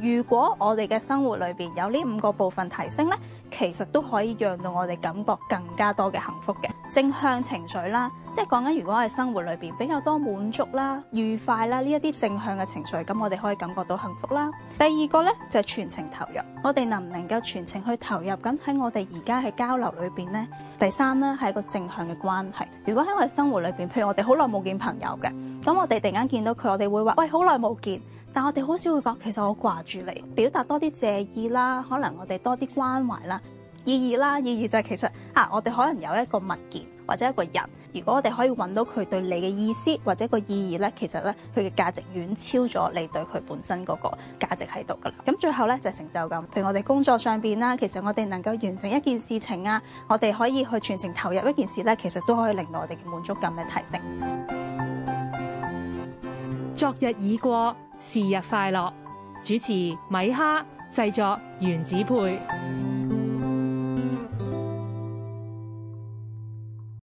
如果我哋嘅生活裏邊有呢五個部分提升呢，其實都可以讓到我哋感覺更加多嘅幸福嘅正向情緒啦。即係講緊如果我哋生活裏邊比較多滿足啦、愉快啦呢一啲正向嘅情緒，咁我哋可以感覺到幸福啦。第二個呢，就係全程投入，我哋能唔能夠全程去投入咁喺我哋而家嘅交流裏邊呢，第三呢係一個正向嘅關係。如果喺我哋生活裏邊，譬如我哋好耐冇見朋友嘅，咁我哋突然間見到佢，我哋會話喂，好耐冇見。但我哋好少會講，其實我掛住你，表達多啲謝意啦，可能我哋多啲關懷啦，意義啦，意義就係其實啊，我哋可能有一個物件或者一個人，如果我哋可以揾到佢對你嘅意思或者個意義呢，其實呢，佢嘅價值遠超咗你對佢本身嗰個價值喺度噶啦。咁最後呢，就係成就感，譬如我哋工作上邊啦，其實我哋能夠完成一件事情啊，我哋可以去全程投入一件事呢，其實都可以令到我哋嘅滿足感嘅提升。昨日已過。是日快樂，主持米哈，製作原子配。